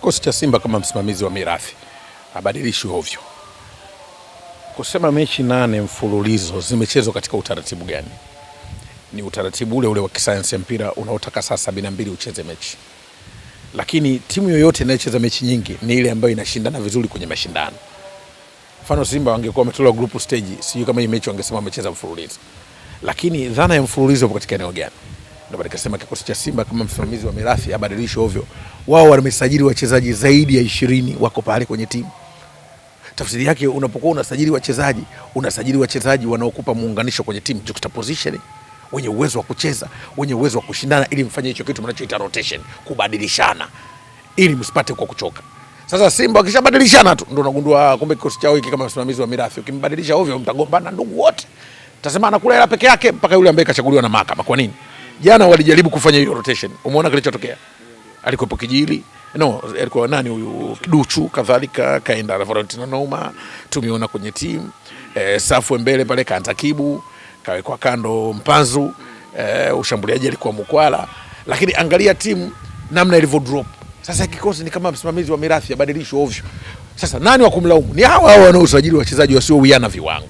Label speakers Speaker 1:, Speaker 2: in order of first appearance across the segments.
Speaker 1: kikosi cha Simba kama msimamizi wa mirathi abadilishi ovyo kusema mechi nane mfululizo zimechezwa katika utaratibu gani? Ni utaratibu ule ule wa kisayansi ya mpira unaotaka saa sabini na mbili ucheze mechi, lakini timu yoyote inayocheza mechi nyingi ni ile ambayo inashindana vizuri kwenye mashindano. Mfano, Simba wangekuwa wametolewa group stage, sijui kama hii mechi wangesema wamecheza mfululizo, lakini dhana ya mfululizo katika eneo gani? ndio nikasema kikosi cha Simba kama msimamizi wa mirathi abadilishe ovyo. Wao wamesajili wachezaji zaidi ya ishirini wako pale kwenye timu. Tafsiri yake unapokuwa unasajili wachezaji, unasajili wachezaji wanaokupa muunganisho kwenye timu, juxtaposition, wenye uwezo wa kucheza, wenye uwezo wa kushindana, ili mfanye hicho kitu mnachoita rotation, kubadilishana, ili msipate kwa kuchoka. Sasa Simba wakishabadilishana tu ndio unagundua ah, kumbe kikosi chao hiki, kama msimamizi wa mirathi, ukimbadilisha ovyo, mtagombana ndugu wote, tasema anakula hela peke yake, mpaka yule ambaye kachaguliwa na mahakama. Kwa nini? Jana walijaribu kufanya hiyo rotation, umeona kilichotokea. Alikuwepo Kijili, no, alikuwa nani huyu Kiduchu, kadhalika kaenda na Valentino Noma, tumeona kwenye timu e, eh, safu mbele pale kaanza Kibu, kawekwa kando Mpanzu e, ushambuliaji alikuwa Mkwala, lakini angalia timu namna ilivyo drop sasa. Kikosi ni kama msimamizi wa mirathi, abadilishwe ovyo. Sasa nani wa kumlaumu? Ni hawa hawa wanaosajili wachezaji wasio wiana viwango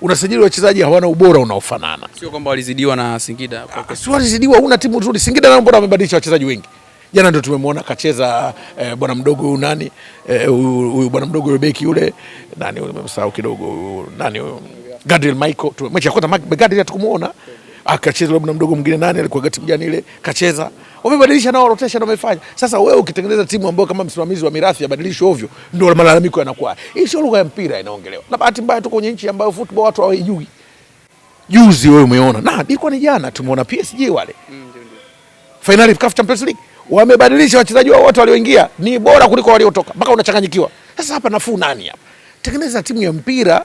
Speaker 1: unasajili wachezaji hawana ubora unaofanana.
Speaker 2: Sio kwamba walizidiwa na Singida,
Speaker 1: ah, sio walizidiwa, una timu nzuri. Singida nao mbona wamebadilisha wachezaji wengi jana ndio tumemwona kacheza eh, bwana mdogo huyu nani eh, huyu eh, bwana mdogo yule beki yule nani, umemsahau kidogo nani, Gadriel Michael. Mechi ya Gadriel atakumuona. Okay akacheza labda mdogo mwingine nani alikuwa kati mjani ile kacheza, wamebadilisha nao rotation wamefanya. Sasa wewe ukitengeneza timu ambayo kama msimamizi wa mirathi abadilishe ovyo, ndio malalamiko yanakuwa. Hii sio lugha ya mpira inaongelewa, na bahati mbaya tuko kwenye nchi ambayo football watu hawajui. Juzi wewe umeona na ilikuwa ni jana, tumeona PSG wale mm, finali ya Champions League wamebadilisha wachezaji wao wote walioingia ni bora kuliko waliotoka, mpaka unachanganyikiwa. Sasa hapa nafuu nani hapa? Tengeneza timu ya mpira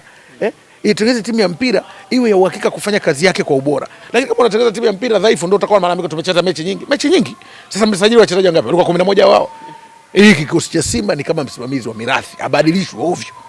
Speaker 1: itengeneze timu ya mpira iwe ya uhakika kufanya kazi yake kwa ubora. Lakini kama unatengeneza timu ya mpira dhaifu, ndio utakuwa na malalamiko. Tumecheza mechi nyingi, mechi nyingi. Sasa msajili wachezaji wangapi? Walikuwa 11 wao. Hii kikosi cha Simba ni kama msimamizi wa mirathi, abadilishwe ovyo.